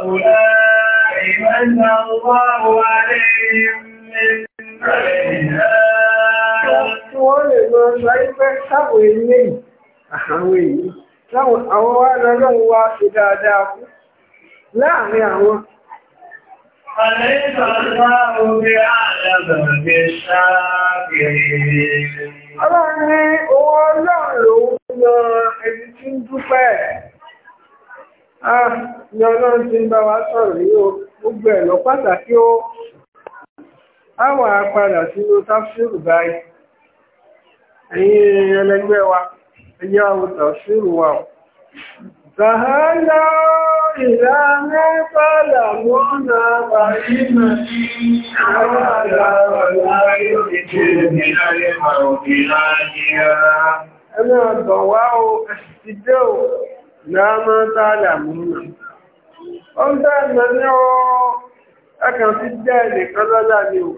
هؤلاء من الله عليهم من Wọ́n lè lọ sọ ipẹ́ sáwọn ènìyàn, àwọn èyí, láwọn àwọn wá lọ́lọ́run wá fi dáadáa kú láàrin àwọn. Àlẹ́ ìsọ̀lá orí àdàbà bí ṣáàbìrì. Ọlọ́run ní owó ọlọ́run lòun yan ẹni tí ń dúpẹ́. á ah, ni ọlọ́run ti ń bá wa sọ̀rọ̀ yìí o gbogbo ẹ̀ pàtàkì o á wà á padà tafsir báyìí ẹ̀yin ẹlẹgbẹ́ wa ẹ̀yà àwọn tafsir wa o. Sàhálà ìlànà pàlà mọ́nà àìmọ̀ sí àwọn àgbàrà láyé ìdíje ti dé o. láàmọ́ tààlà múnà ó ń tààlà ní ọ ẹkàn sí jẹ́ ẹnìkan lọ́lá ní o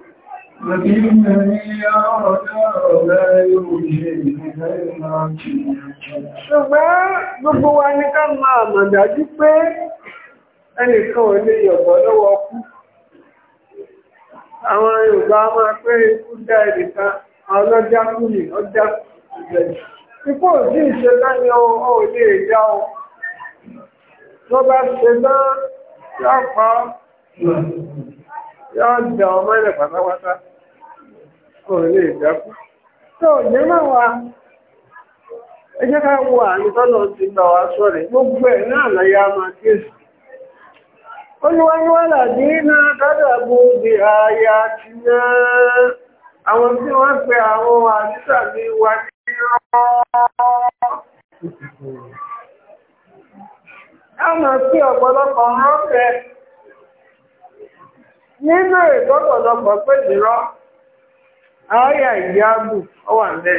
ṣùgbọ́n gbogbo wa ní ká máa mọ̀ dájú pé ẹnìkan ò lè yọ̀bọ̀ lọ́wọ́ kú àwọn Yorùbá máa pé ikú dá ẹnìkan ọlọ́jà kú ní ọjà kú Ipò òjí ìṣẹ́dá ni ọ lè já ọ. Tó bá ṣẹ́dá yá pa yá dà ọmọ ilẹ̀ pátápátá. Ọ lè jákú. Tó jẹ́ máa wà, ẹ ká ti gbà wá sọ́rẹ̀. Gbogbo ẹ̀ náà láyé a máa kéèsì. di ti náà. Àwọn tí wọ́n àwọn Àmà na ọ̀pọ̀lọpọ̀ rọ́pẹ́ nínú ìgbọ́pọ̀lọpọ̀ pé ìrọ́, ààyà ìyáàbù ọwà mẹ́.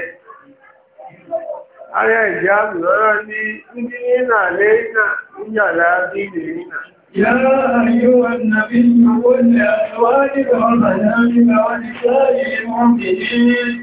Ààyà ìyáàbù lọ́rọ̀ ní ìdí nínà lẹ́yìnà ìyàlá bí na يا أيها النبي قل لأزواجك وبناتك ونساء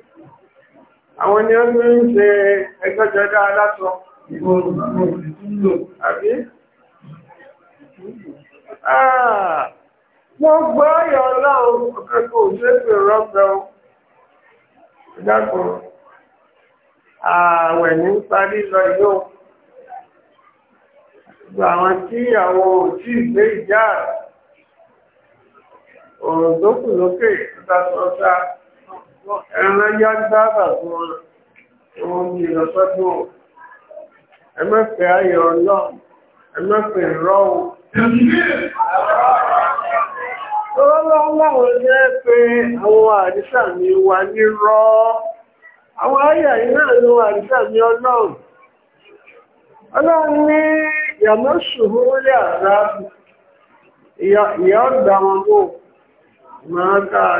àwọn ni ó ń ṣe ẹgbẹ́jọdá aláṣọ àbí wọ́n ah! gbọ́ ọ̀yọ̀ ọlọ́run ọ̀kẹ́kọ̀ òṣèpè rọ́pẹ́ ọ ìdákan ààwẹ̀ ní parí lọ yóò gbà àwọn tí àwọn òtí ìgbé ìjà ọ̀rọ̀ tó kù lókè ìtàṣọ́ta ẹran yá gbáàbà fún wọn wọn ti ẹ mẹ́fẹ́ ayọ̀ ọlọ́run ẹ jẹ́ pé àwọn àrísà ni wà ní rọ́. Àwọn ayà iná ló àrísà mi ọlọ́run. Ọlọ́run ní bò máa dáa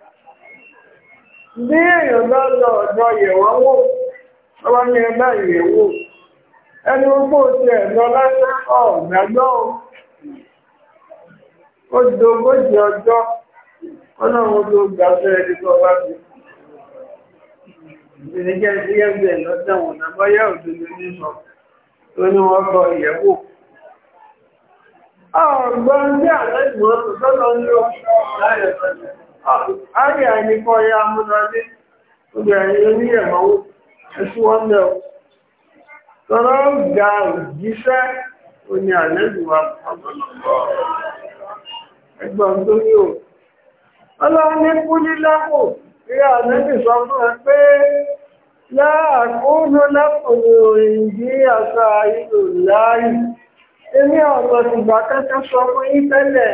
bí èèyàn bá lọ ọ̀dọ̀ yẹ̀wọ́n wò ọwọ́ ní ẹgbẹ́ ìyẹ̀wò ẹni gbogbo ti ẹ̀lọ lásán ọ̀gbàgbọ́ ó dogójì ọjọ́ ọlọ́run ló gbà fẹ́ ẹni tó bá ìrìnjẹ́ tó bí Àárí àìníkọ́ ya múnadé, obìnrin oníyẹ̀mọ́wó, ẹ̀sù wọ́n lẹ́ o. Tọ́rọ ga òjíṣẹ́ oní àlẹ́lùwà ẹgbọ́n tó ní o. Ọlọ́run ní kú lílápò, rí àlẹ́lù sọ fún ẹ pé láàkóónú lápòlò ìdí àṣà ìlò láàyè. Èmi ọ̀pọ̀ ìgbà kẹ́kẹ́ sọ fún yí tẹ́lẹ̀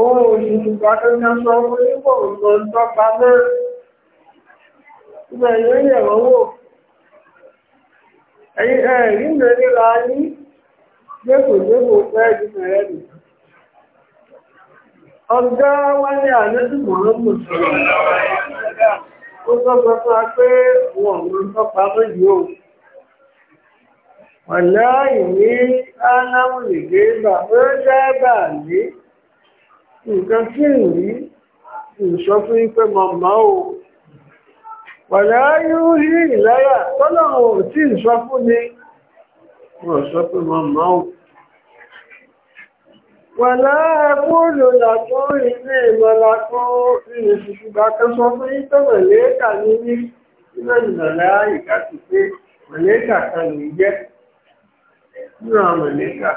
òòrùn ìgbàdọ́nà sọ orígbò òòrùn tọ́pa náà ibẹ̀ yóò yẹ̀ wọ́n wò ẹ̀yìn ẹ̀rí mẹ́rin ra ní gbẹ́gbẹ̀gbẹ̀ fẹ́ ju mẹ́rẹ́ nì ọ̀gá wáyé àlẹ́sì mọ̀lọ́mù ó sọ sọ fún wa pé wọn ò ń tọ́pa méjì o wàlẹ́ lè gé nǹkan tí ń rí ìṣọ fún ipẹ́ màmá o pàdà yóò rí ìláyà tọ́lọ̀wọ̀ tí ìṣọ fún ni wọ́n sọ pé màmá o pàdà ẹgbóòlò làtọ́ ilé ìmọ̀lákọ́ nínú ṣùgbà kẹsọ fún ìtọ́wẹ̀ ní ní ilẹ̀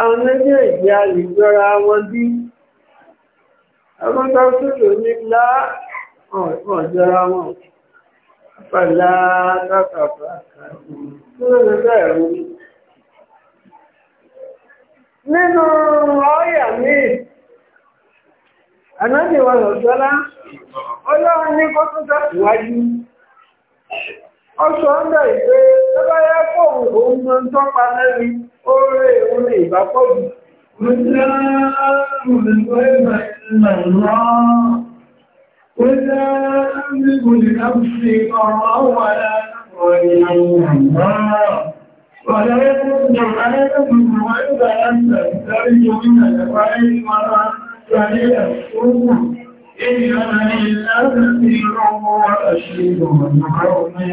àwọn méjèèjì a lè gbọ́ra wọn bí ọgbọ́n sọ́sọ́lò ní láàjọra wọn pẹ̀lá tọ́kàfà nínú ọ̀yà míì ànájẹ̀wà ọ̀ṣọ́lá ọlọ́run ní kó tún tọ́síwájú ọ̀ṣọ́ ń bẹ̀rẹ̀ pé tó bá yẹ kó òun mọ tó pa lẹ́bi ó rẹ̀ òun lè bá pọ̀ jù. Wíjá olùkọ́ ìmọ̀ ìlànà Wíjá olùkọ́ ìdámsí ọ̀rọ̀ àwọn aláàrọ̀ ìlànà ولا يكون عليكم وإذا أنت ترجو من الفائل مرة فليلا إن أنا إلا نذير وأشهد من قومه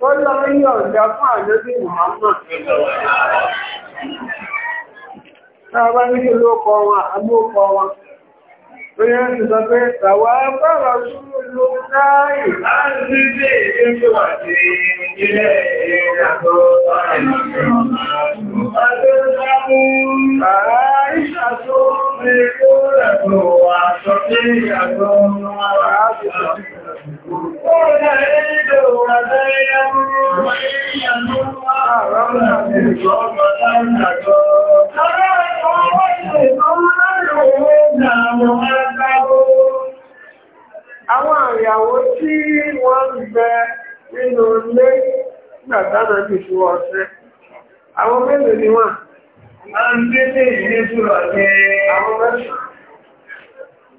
tó lọ rí ọ̀dá fún àjọ́bí Muhammad. Tàbá ní kí ló kọ wọn, àbú kọ wọn. Oye ń sọ pé, tàwà bára ṣúrù ló ìrìnàjò ọ̀rẹ́ Àwọn àyàwó tí wọ́n ń bẹ nínú ilé gbàtánà bí fi wọ́n ṣe. Àwọn mélòó ni wọ́n? A ń bí ní ìdí túnrọ̀ ní àwọn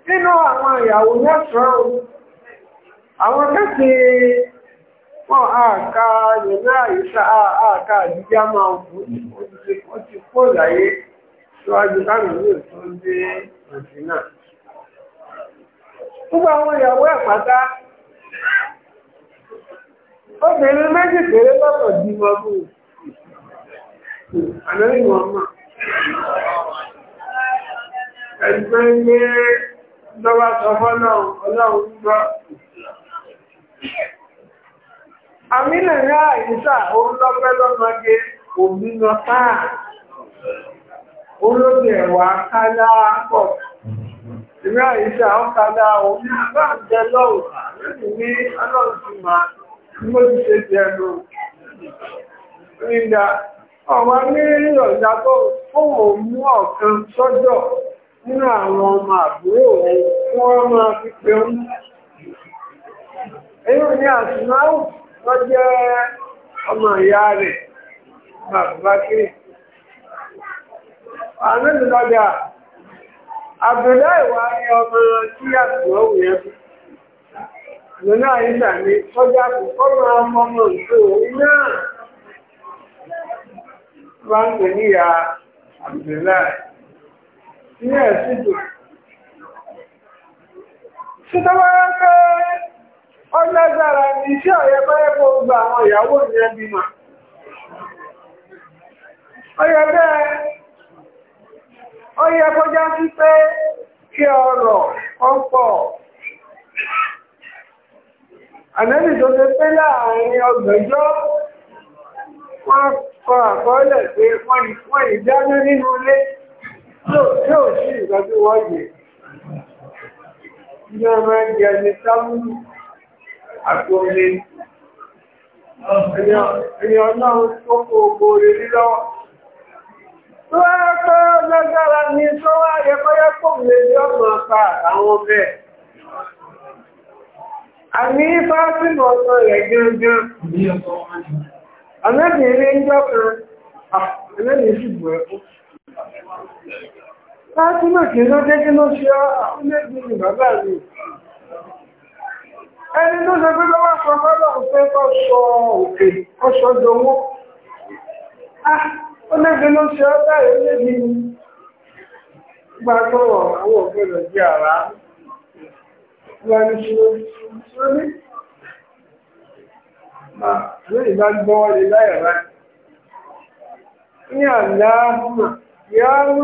Nínú àwọn àyàwó àwọn kẹ́sì wọ́n àkà yẹ̀mẹ́ àyíṣà àkà àjíjá máa wọ́n ti pọ̀ láyé ṣíwájú láàrin ní ìtọ́ dé mọ̀sínà gbogbo àwọn ìyàwó ẹ̀pátá obìnrin méjì péré lọ́pọ̀ di mọ́bù àlẹ́yìn wọn mọ̀ ẹgbẹ́ ní lọ́wọ́ sọ fọ́lọ́run ọlọ́run gbọ́ àmìnà ní àìsà olóògbé lọ́mọdé òmìnà táà olóògbé ẹ̀wà kádá pọ̀ ìrìn àìsà ọkádá òmìnà bá ń jẹ lọ́wọ́ ní ọlọ́ọ̀tìmá mo ti ṣe jẹ ẹnu ríndà ọ̀wà mírí ọ̀dà tó fóun mú ọ̀kan sọ́jọ́ nínú àwọn ọmọ àbúrò wọn máa fi pẹ̀lú èyí ni àṣìmáwù tó jẹ́ ọmọ ìyá rẹ̀ bàbá kiri àmìlì lọ́jà àbúlá ìwà ni ọmọ tí àṣìmáwù yẹn fi lónà àyíká ni ọjà kò kọ́ ọmọ ọmọ ìṣó òun náà bá ń pè níyà àbúlá ní rẹ́ pé ó lágbára ní iṣẹ́ ọ̀yẹ́ báyẹ́ kó gba àwọn ìyàwó ìyẹn bímọ. ọyẹ bẹ́ẹ̀ ọyẹ kọjá sí pé kí ọrọ̀ ọ̀pọ̀ ànẹ́bì tó ṣe pé láàrin ọgbẹ̀jọ́ wọ́n kọ àkọọ́lẹ̀ pé wọ́n ìdáná nínú ilé tí ò sí ìgbàgbé wọ́n yẹ ìjọba ẹgbẹ̀rẹ̀ sáwúrú àtòmí èèyàn náà tó kò gbòrè lílọ́wọ́. Tó ẹ́ pẹ́ lọ́gbára ní tó wá yẹpẹ́yẹ́ pò lè ní ọ̀nà pa àwọn bẹ́ẹ̀. Àmì rẹ̀ ẹni tó ṣe pé lọ́wọ́ sọ fọ́lọ́ pé kọ́ sọ òkè kọ́ sọ dowó ah, ó lébi ló ṣe ọ́ báyìí ó lébi ni gbà tó àwọn òfin rẹ̀ di àrá wọn ni ṣe ah, ló ní lórí bá gbọ́ lè láyàrá ní àláàmà yá mú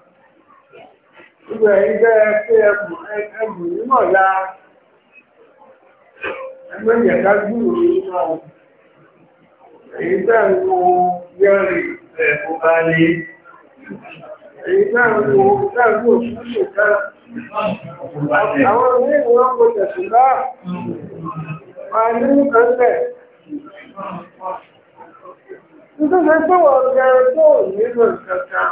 Ibẹ̀ yìí jẹ́ pé ẹkùn nímọ̀ ya ẹgbẹ́ ìyẹ̀ká gbúrò nínú àwọn. Èyí tẹ́ ń yẹ́rì ẹ̀kọ́ bá lé. Èyí tẹ́ ń wo tẹ́ ń Àwọn ilé ìwọ̀n kò tẹ̀sùn bá. Màá ní nǹkan Nítorí pé wọ́n gẹ̀rẹ́ tó nílò ìkankan.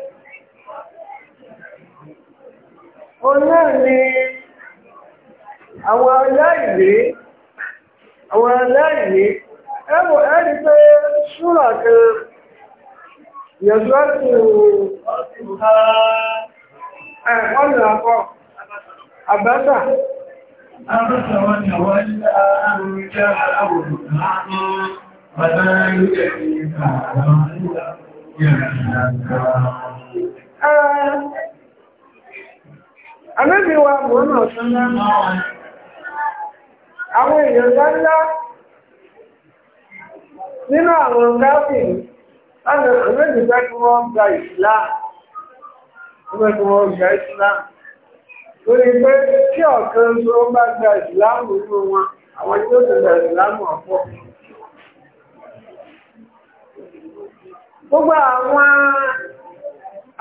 òun ni àwọn aláìlé àwọn aláìlé ẹwọ ẹni pé ṣúra kan yẹ̀sọ́ ọ̀nà ni wọ́n Àmẹ́bí wa mọ̀ọ́nà ṣọ́nà àwọn èèyàn ńlá nínú àwọn gáàfì láti àmẹ́bí fẹ́ kí wọ́n gba ìsìlá. Fẹ́ kí wọ́n gba ìsìlá. Lórí pé tí ọ̀kan tó bá gba ìsìláàmù Gbogbo àwọn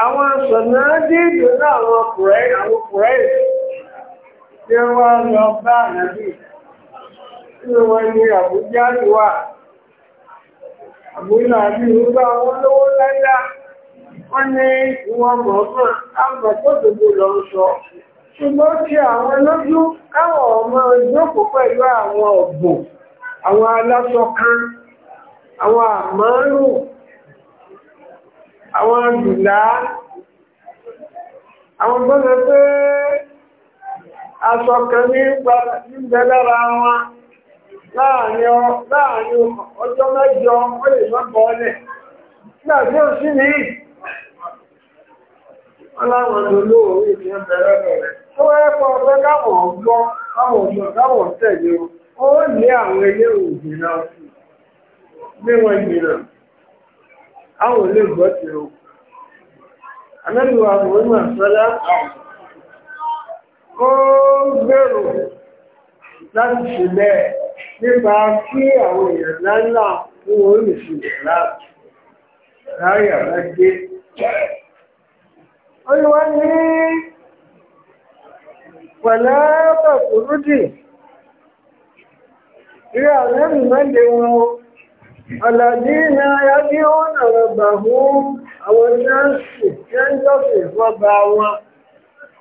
àwọn ṣọ̀nà dìdò náà àwọn kùrẹ́ àwọn kùrẹ́ tí wọ́n lọ bá nàbí tí wọ́n ní àbújá wà àbújá àbí ìrúgbà lówó lẹ́lá wọ́n ní ìwọ̀n lọ sọ ṣùgbọ́n àwọn ọmọ ìjókòó àwọn dùlá àwọn gbọ́nà pé aṣọ kan ní ìgbẹ́ lára wọn láàrin ọjọ́ mẹ́jọ ó lè mọ́bọ̀ ọlẹ̀ nígbà tí ó sí ní ọláwọn olóòrùn ìfẹ́ bẹ̀rẹ̀ rẹ̀ tó wẹ́pọ̀ ọgbẹ́ káwọn káwọn káwọn tẹ̀lé ó àwọn ilé òògùn náà àwọn ilé ìgbọ́ ti rò anáríwá àwọn àṣọ́lá ó gbèrò láti ṣe bẹ́ẹ̀ nípa kí àwọn èèyàn láńlá fún oríṣìí láti ráyà bá dé olúwa ní pẹ̀lẹ́ pẹ̀kúrúdì àwọn Àlàdínà ayábí ọ̀nà rọ̀bà fún àwọn ṣáàṣì ṣẹ́ńdọ̀fẹ̀ fọ́ba wọn.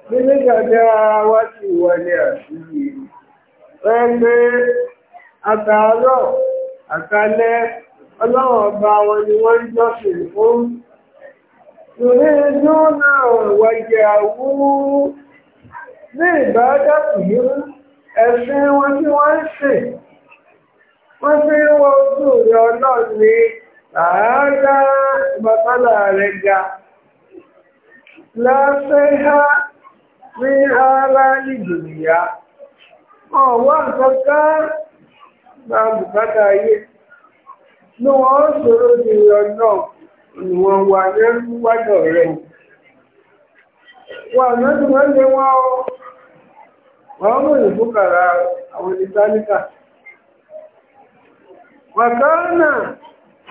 Nínú ìgbàgbé ara wa ti wọlé àṣírí. Ẹgbẹ́ àtàárọ̀ àtàlẹ́ ọlọ́run ọba wọn ni wọ́n ń jọ́sìn fún. Ìrìnjú náà wàjẹ̀ àwúrú ní ìbádàpù yìí ẹ̀sìn wọn tí wọ́n ń sìn. wọ́n fi ń ojú rẹ̀ ọlọ́run ní àádá rẹ̀ ga láfẹ́ ha ní ara ya. Ọwọ́ àkọ́kọ́ máa bùkátà ayé ní wọ́n ojú ní ọ̀nà ìwọ̀n wà ní wájọ̀ rẹ̀ wà wọ́n wọ́n àwọn ìtálíkà wàkánà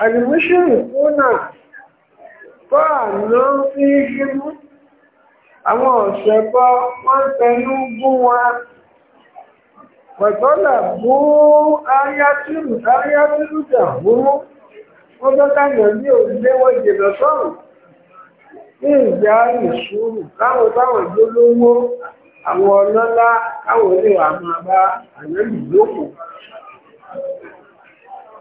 àlùmíṣìrì fúnà fáànà fi gímú àwọn ọ̀sẹ̀ bọ́ wọ́n tẹnu gún wa pẹ̀tọ́là bú áyátìrù áyátìrù jà búrú wọ́n tọ́ka nàbí òléwọ́ ìjìnlẹ̀ sọ́rùn ní ìjà ìṣúrù káwọn táwọn ìjólówó àwọn ọlọ́lá káwọn olè wà máa bá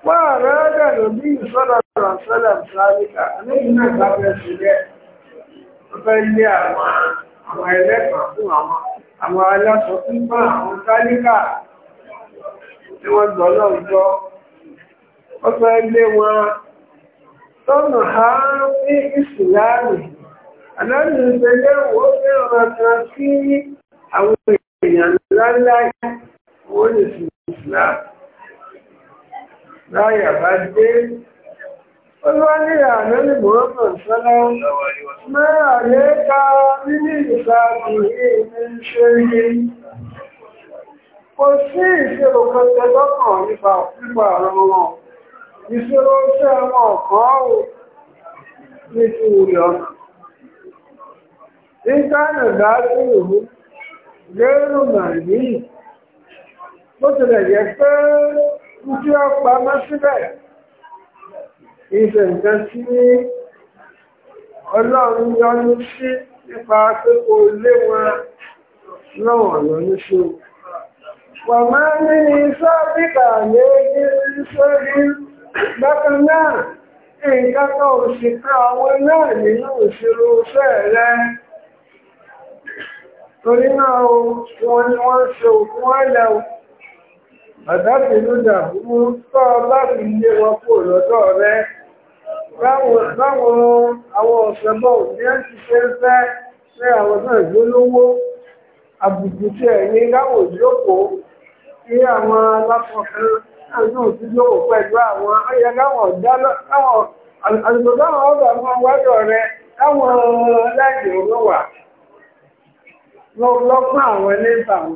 وأراد النبي صلى الله عليه وسلم ذلك أن يكون قبل سجاء wo kan sí àwọn èèyàn lè fi láyà bá dé olúwa ní àná ní mọ́rọ́mọ̀ sọ́lá mẹ́rà lé ká nínú ìsáàbù èèmì ṣe rí kò sí ìṣòro kan tẹ́lọ́kàn nípa pípa ọ̀rọ̀ wọn ṣẹ́ wọn kan ó ní ti wùlẹ̀ ọ̀nà bó tilẹ̀ jẹ́ pé tí ó pa mọ́ síbẹ̀ ìṣẹ̀ nǹkan tí ọlọ́run yọnú sí nípa pé kò lé wọn lọ́wọ́n lọ́nú sí wà máa ní ní sọ́bíkà léèdí sórí bákan náà nǹkan kan ò sì ká àwọn náà nínú ìṣirò fẹ́ẹ̀rẹ́ torí náà wọn ni wọ́n ṣe òkú wọn lẹ́wọ̀n àdábìnú dàbúrú tọ́ láti lé wọn kó lọ́dọ̀ rẹ báwọn àwọn ọ̀sẹ̀bọ̀ ní ẹ́ ti nke a fẹ́ àwọn náà àbùkù tí ẹ̀yìn láwọn àwọn alákọ̀ọ́kan náà pẹ̀lú àwọn láwọn ọ̀dá láwọn àwọn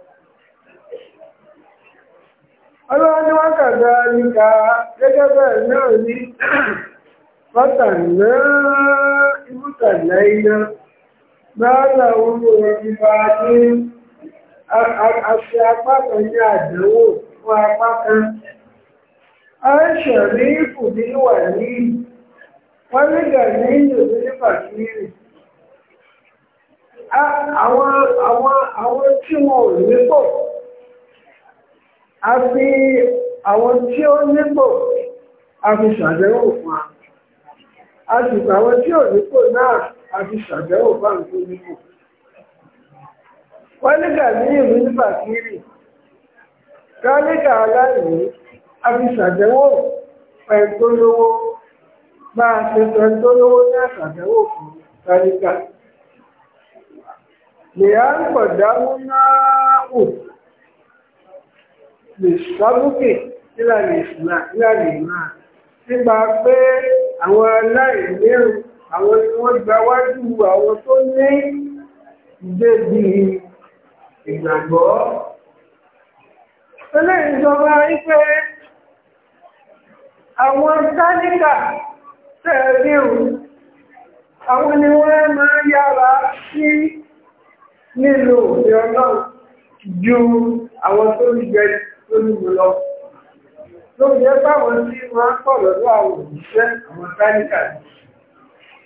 ọlọ́wọ́ ní wọ́n kàgbà níka gẹ́gẹ́ bẹ́ẹ̀ náà ní bátàná ibùtàná iná báàlà oró ìfà ní àṣẹ apákan ní àdánwò fún apákan aṣẹ̀ ní ìfùdí wà ní wọ́n nígbà ní ìlú ní pàkírì àwọn tí wọn ò ní pọ̀ a fi àwọn tí ó nípò a fi fún a sì àwọn tí ò nípò náà a fi ṣàdéhùn fún tó nípò wọ́n nígbà ní ìlú ní ká nígbà aláìní a fi ṣàdéhùn pẹ̀ntó lówó ṣe ní fún káríkà lè á ń lè sábúkè nílànà ìsìnà nílànà ìmá nípa pé àwọn aláìlérò àwọn tí wọ́n gba wájú àwọn tó ní ìgbébi ìgbàgbọ́. eléyìí ìjọba wípé àwọn táníkà tẹ̀léhùn àwọn ni wọ́n máa yára sí nílò ìrọ̀lọ́ ju àwọn tó ń gbẹ̀rẹ̀ lórí mi lọ. Lórí ẹ báwọn tí máa ń pọ̀ lọ́dọ̀ àwọn òṣìṣẹ́ àwọn táníkà.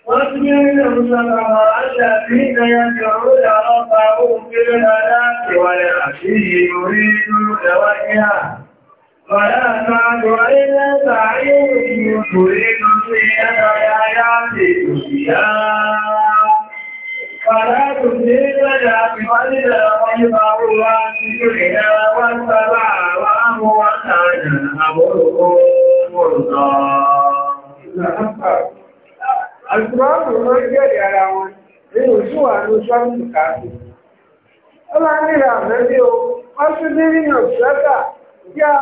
Wọ́n ti ní ìrìnàmú sọ́nà àwọn àṣà sí ìdáyàjọ orí àwọn ọba ohun kéré dáadáa ìwàlẹ̀ àti ìyè orí inú ìdáwà ní à. Wàdá àtàdọ̀ ayélẹ́ta ayé ìrìnàmú sọ́nà àwọn àṣà sí ìdáyàjọ فلا تزيدنا بفضل ويبعض وانسلنا والسبع وأموتنا أمرهم مرضى Àtìmáàmù ló jẹ́rì ara wọn nínú ìṣúwà ní ṣọ́nù káàkiri. Ó máa nílà mẹ́bí o, wọ́n tún ní nínú ìṣẹ́gbà kí a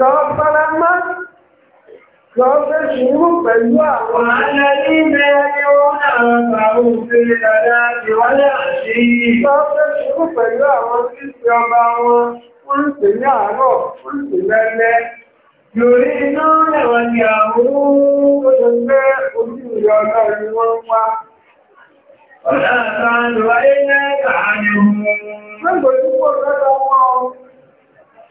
lọ bára máa Lọ ṣúrú pẹ̀lú àwọn alẹ́lẹ́ ilẹ̀ ni ó náà àwọn òfin dada ìwọ́lẹ̀ àṣí. Lọ fẹ́ ṣúrú pẹ̀lú àwọn títí ọba wọn, wọ́n sì ní àárọ̀, wọ́n sì lẹ́lẹ́. Lórí iná ẹ̀wà ni àwọn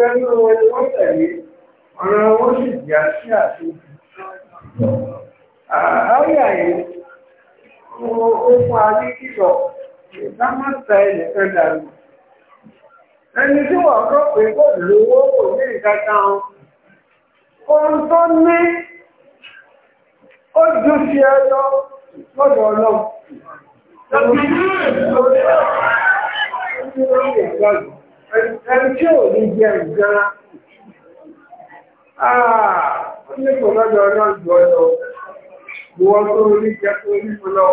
pẹ́ nínú ẹni wọ́n tẹ̀lé ọ̀rọ̀ wọn sì jà sí àṣejù. àáyà yìí ó fún ayé kíkọ ìgbà máa ta ẹnìkan ẹni tí wọ́n rọ́ pé kò lówó kò ní ìdájá wọn ẹni tí ò ní jẹ nǹkan ah, ó ní kò lọ́dọ̀ náà jù ọ lọ ìwọ tó ní jẹ tó ní kò lọ.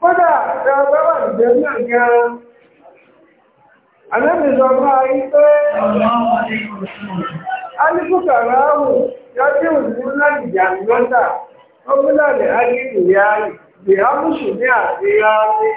kódà ẹ bá wà ní jẹun náà ní ara àlẹ́bí sọ fún ayé pé alíkùkàrà lọ́dà ó bí láti ayé ìyá ní àti rárá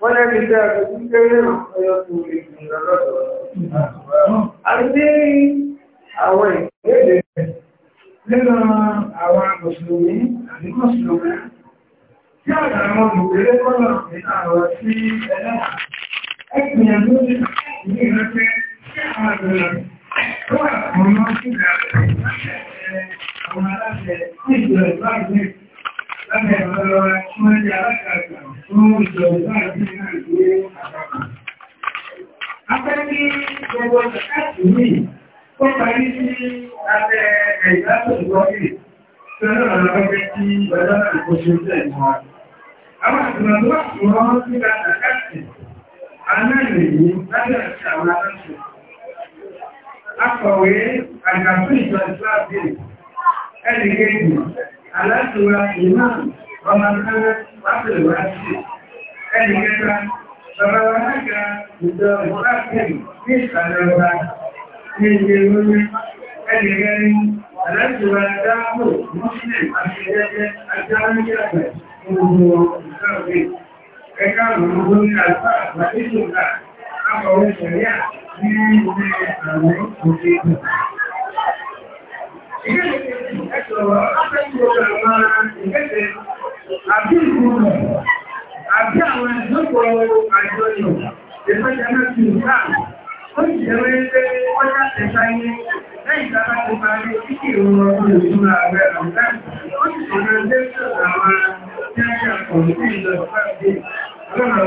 wọ́n lẹ́bi tẹ́ ẹ̀kọ́ tí kéré náà ọyọ́ tó lè fi lọ́dọ̀ àti àwọn ìgbéde nínú àwọn mùsùlùmí àti mùsùlùmí tí àgbà àwọn olùgbélé kọ́nà nínú àwọn sí ẹlẹ́ ẹgbìyànjú ní ìrántí sí àwọn àgbẹ̀rẹ̀ tó wà fún ọmọ sí ìgbà àwọn aláṣẹ sí Abẹ́ni gbogbo ṣàkàtì yìí, ó parí sí abẹ́ ẹ̀yàtọ̀ ìwọ́lẹ̀ tó náà lọ́gbẹ́ tí ọjọ́ náà kò ṣe jẹ́ ìwọ̀n. Àwọn àtìmọ̀lúwà fún ọmọ sí ra ṣàkàtì, anáìrìn yìí lábẹ́ àti àwọn aláṣẹ. Akọ̀wé àjàfún ìjọ ìsláàbí ẹnìkejì aláṣíwá ìmáà ọmọ akẹ́rẹ́ wáṣẹ̀lẹ̀wá sí ẹni kẹta bàbá wa lága ìjọ ìfúráṣẹ́lì ní ìsàlẹ̀ ọba ní ilé lórí ẹni kẹrin aláṣíwá dáàbò mọ́sílẹ̀ àti ẹgbẹ́ ajáwíjàgbẹ̀ gbogbo ìsọ̀rọ̀ ẹ̀ka àwọn olórí àlùfáà àgbàdé ìjọba akọ̀wé sẹ̀ríà ní ilé àwọn òṣèlú. Ìgbésẹ̀ ẹ̀ṣọ̀rọ̀ afẹ́kùnrin àwọn ìgbẹ́sẹ̀ àbí ìgbìmọ̀ àbí àwọn ìjókòó àjọyọ̀ ìfẹ́jẹ́ mẹ́sì ìgbà ó sì jẹ́wé pé wọ́n já tẹ̀sà ilé lẹ́yìn tàbá ti parí kíkì ìrọ̀rọ̀ ọdún ìṣúra ààrẹ ọ̀gá ó sì sọ̀rọ̀ ẹgbẹ́ àwọn jẹ́ àkọ̀ọ̀sí ìlọ̀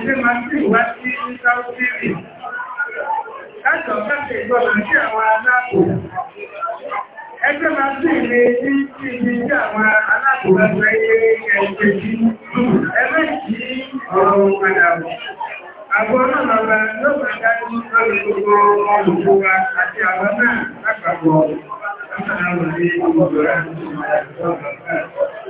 àti máa sí ìwádìí ní sáúdírì